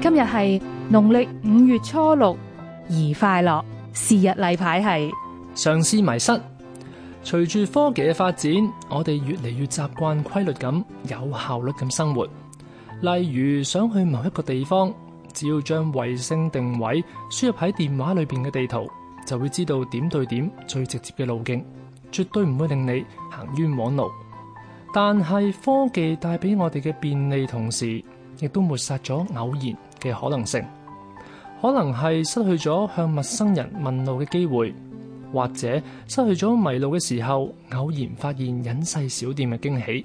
今日係農曆五月初六，宜快樂。是日例牌係嘗試迷失。隨住科技嘅發展，我哋越嚟越習慣規律咁、有效率咁生活。例如想去某一個地方，只要將衛星定位輸入喺電話裏面嘅地圖，就會知道點對點最直接嘅路徑，絕對唔會令你行冤枉路。但係科技帶俾我哋嘅便利同時，亦都抹殺咗偶然嘅可能性，可能係失去咗向陌生人問路嘅機會，或者失去咗迷路嘅時候偶然發現隱世小店嘅驚喜。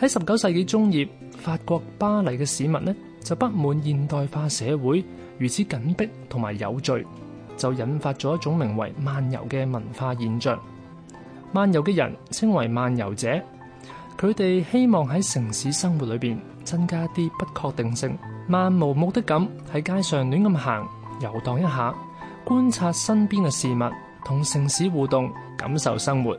喺十九世紀中葉，法國巴黎嘅市民呢就不滿現代化社會如此緊迫同埋有序，就引發咗一種名為漫遊嘅文化現象。漫遊嘅人稱為漫遊者，佢哋希望喺城市生活裏面增加啲不確定性，漫無目的咁喺街上亂咁行，遊蕩一下，觀察身邊嘅事物，同城市互動，感受生活。